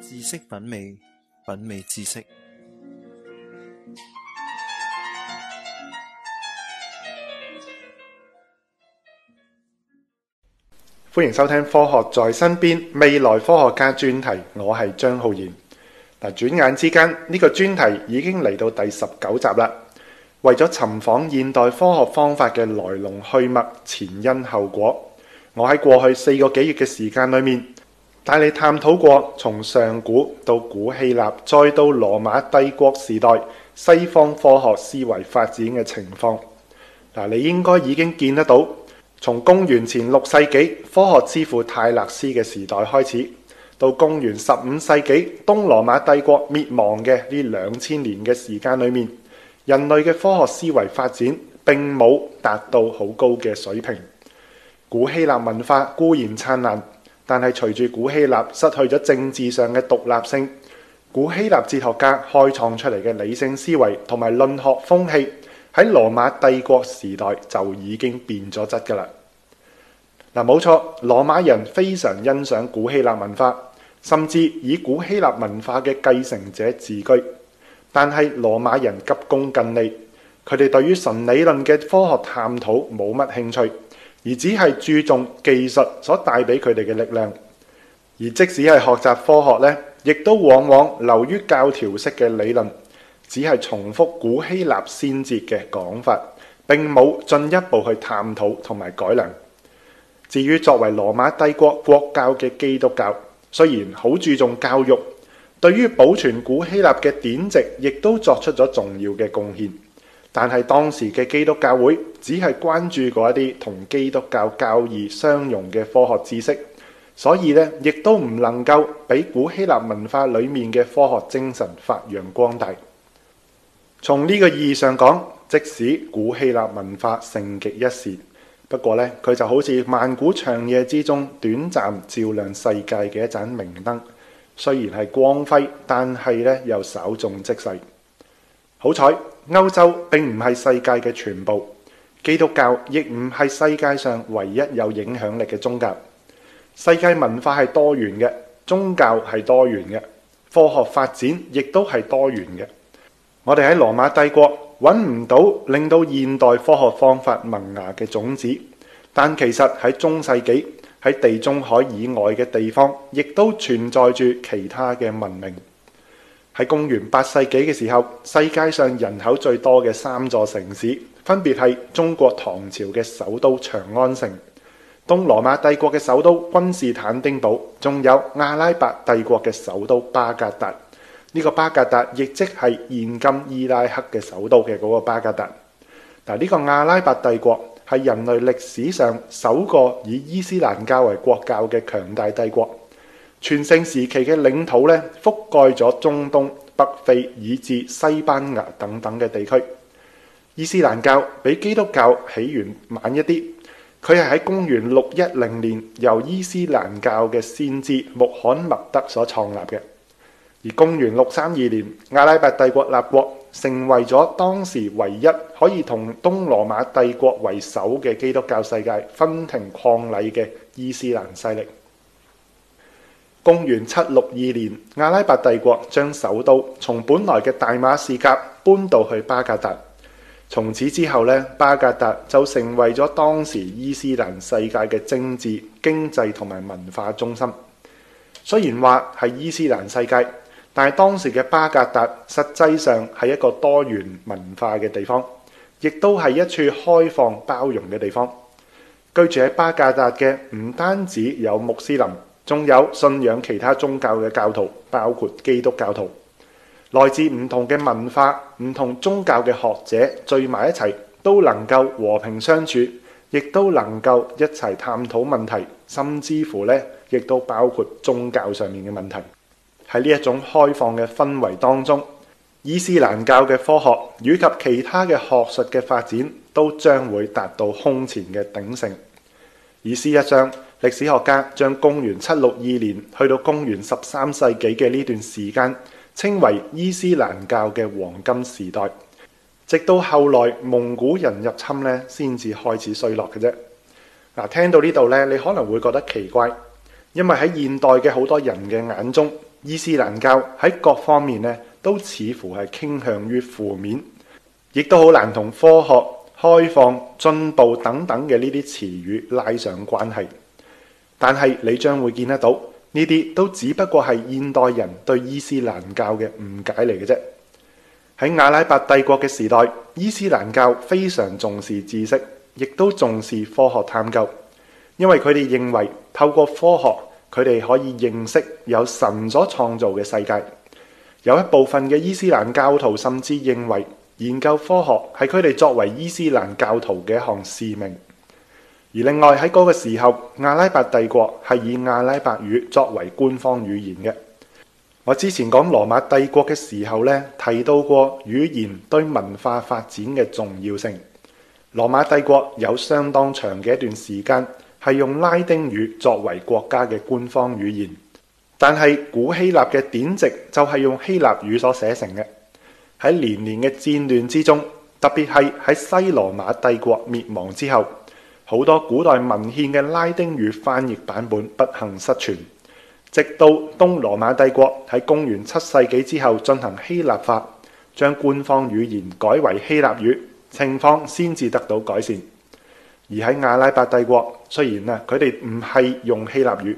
知識品味，品味知識。歡迎收聽《科學在身邊》未來科學家專題，我係張浩然。嗱，轉眼之間呢個專題已經嚟到第十九集啦。為咗尋訪現代科學方法嘅來龍去脈、前因後果，我喺過去四個幾月嘅時間裏面，帶你探討過從上古到古希臘，再到羅馬帝國時代西方科學思維發展嘅情況。嗱，你應該已經見得到，從公元前六世紀科學之父泰勒斯嘅時代開始，到公元十五世紀東羅馬帝國滅亡嘅呢兩千年嘅時間裏面，人類嘅科學思維發展並冇達到好高嘅水平。古希臘文化固然燦爛。但係隨住古希臘失去咗政治上嘅獨立性，古希臘哲學家開創出嚟嘅理性思維同埋論學風氣，喺羅馬帝國時代就已經變咗質噶啦。嗱，冇錯，羅馬人非常欣賞古希臘文化，甚至以古希臘文化嘅繼承者自居。但係羅馬人急功近利，佢哋對於純理論嘅科學探討冇乜興趣。而只係注重技術所帶俾佢哋嘅力量，而即使係學習科學呢，亦都往往流於教條式嘅理論，只係重複古希臘先哲嘅講法，並冇進一步去探討同埋改良。至於作為羅馬帝國國教嘅基督教，雖然好注重教育，對於保存古希臘嘅典籍，亦都作出咗重要嘅貢獻。但係當時嘅基督教會只係關注過一啲同基督教教義相容嘅科學知識，所以咧亦都唔能夠俾古希臘文化裏面嘅科學精神發揚光大。從呢個意義上講，即使古希臘文化盛極一時，不過咧佢就好似萬古長夜之中短暫照亮世界嘅一盞明燈，雖然係光輝，但係咧又稍縱即逝。好彩，歐洲並唔係世界嘅全部，基督教亦唔係世界上唯一有影響力嘅宗教。世界文化係多元嘅，宗教係多元嘅，科學發展亦都係多元嘅。我哋喺羅馬帝國揾唔到令到現代科學方法萌芽嘅種子，但其實喺中世紀、喺地中海以外嘅地方，亦都存在住其他嘅文明。喺公元八世紀嘅時候，世界上人口最多嘅三座城市，分別係中國唐朝嘅首都長安城、東羅馬帝國嘅首都君士坦丁堡，仲有阿拉伯帝國嘅首都巴格達。呢個巴格達亦即係現今伊拉克嘅首都嘅嗰個巴格達。嗱，呢個阿拉伯帝國係人類歷史上首個以伊斯蘭教為國教嘅強大帝國。全盛時期嘅領土咧，覆蓋咗中東、北非以至西班牙等等嘅地區。伊斯蘭教比基督教起源晚一啲，佢係喺公元610年由伊斯蘭教嘅先知穆罕默德所創立嘅。而公元632年，阿拉伯帝國立國成為咗當時唯一可以同東羅馬帝國為首嘅基督教世界分庭抗禮嘅伊斯蘭勢力。公元七六二年，阿拉伯帝國將首都從本來嘅大馬士革搬到去巴格達。從此之後呢，巴格達就成為咗當時伊斯蘭世界嘅政治、經濟同埋文化中心。雖然話係伊斯蘭世界，但係當時嘅巴格達實際上係一個多元文化嘅地方，亦都係一處開放包容嘅地方。居住喺巴格達嘅唔單止有穆斯林。仲有信仰其他宗教嘅教徒，包括基督教徒。來自唔同嘅文化、唔同宗教嘅學者聚埋一齊，都能夠和平相處，亦都能夠一齊探討問題，甚至乎咧，亦都包括宗教上面嘅問題。喺呢一種開放嘅氛圍當中，伊斯蘭教嘅科學以及其他嘅學術嘅發展，都將會達到空前嘅鼎盛。而事實上。歷史學家將公元但係你將會見得到，呢啲都只不過係現代人對伊斯蘭教嘅誤解嚟嘅啫。喺阿拉伯帝國嘅時代，伊斯蘭教非常重視知識，亦都重視科學探究，因為佢哋認為透過科學，佢哋可以認識有神所創造嘅世界。有一部分嘅伊斯蘭教徒甚至認為研究科學係佢哋作為伊斯蘭教徒嘅一項使命。而另外喺嗰個時候，阿拉伯帝國係以阿拉伯語作為官方語言嘅。我之前講羅馬帝國嘅時候咧，提到過語言對文化發展嘅重要性。羅馬帝國有相當長嘅一段時間，係用拉丁語作為國家嘅官方語言，但係古希臘嘅典籍就係用希臘語所寫成嘅。喺連年嘅戰亂之中，特別係喺西羅馬帝國滅亡之後。好多古代文獻嘅拉丁語翻譯版本不幸失傳，直到東羅馬帝國喺公元七世紀之後進行希臘化，將官方語言改為希臘語，情況先至得到改善。而喺阿拉伯帝國，雖然啊佢哋唔係用希臘語，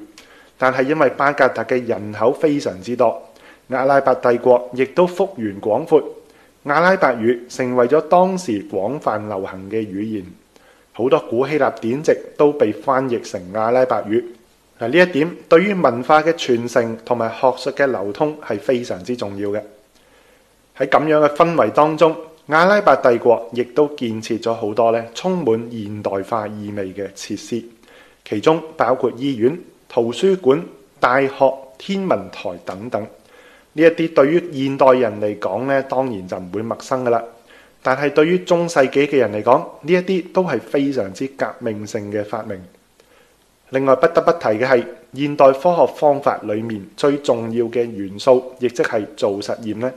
但係因為巴格達嘅人口非常之多，阿拉伯帝國亦都幅員廣闊，阿拉伯語成為咗當時廣泛流行嘅語言。好多古希臘典籍都被翻譯成阿拉伯語，嗱呢一點對於文化嘅傳承同埋學術嘅流通係非常之重要嘅。喺咁樣嘅氛圍當中，阿拉伯帝國亦都建設咗好多咧充滿現代化意味嘅設施，其中包括醫院、圖書館、大學、天文台等等。呢一啲對於現代人嚟講咧，當然就唔會陌生㗎喇。但係，對於中世紀嘅人嚟講，呢一啲都係非常之革命性嘅發明。另外不得不提嘅係現代科學方法裡面最重要嘅元素，亦即係做實驗，呢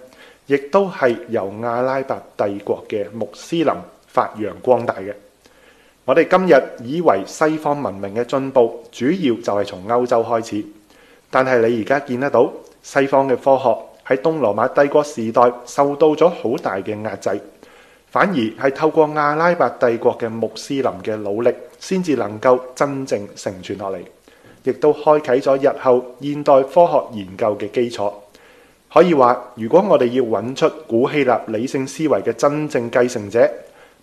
亦都係由阿拉伯帝國嘅穆斯林發揚光大嘅。我哋今日以為西方文明嘅進步主要就係從歐洲開始，但係你而家見得到，西方嘅科學喺東羅馬帝國時代受到咗好大嘅壓制。反而係透過阿拉伯帝國嘅穆斯林嘅努力，先至能夠真正承傳落嚟，亦都開啟咗日後現代科學研究嘅基礎。可以話，如果我哋要揾出古希臘理性思維嘅真正繼承者，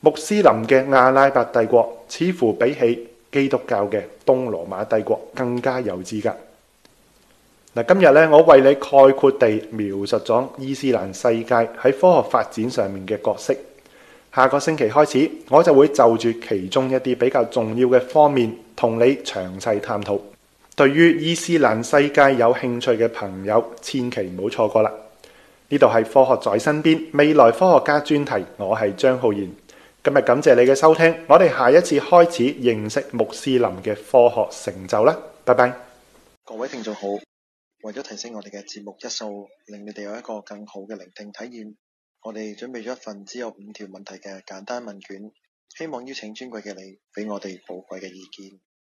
穆斯林嘅阿拉伯帝國似乎比起基督教嘅東羅馬帝國更加有資格。嗱，今日咧，我為你概括地描述咗伊斯蘭世界喺科學發展上面嘅角色。下個星期開始，我就會就住其中一啲比較重要嘅方面同你詳細探討。對於伊斯蘭世界有興趣嘅朋友，千祈唔好錯過啦！呢度係科學在身邊，未來科學家專題，我係張浩然。今日感謝你嘅收聽，我哋下一次開始認識穆斯林嘅科學成就啦。拜拜！各位聽眾好，為咗提升我哋嘅節目質素，令你哋有一個更好嘅聆聽體驗。我哋準備咗一份只有五條問題嘅簡單問卷，希望邀請尊貴嘅你俾我哋寶貴嘅意見。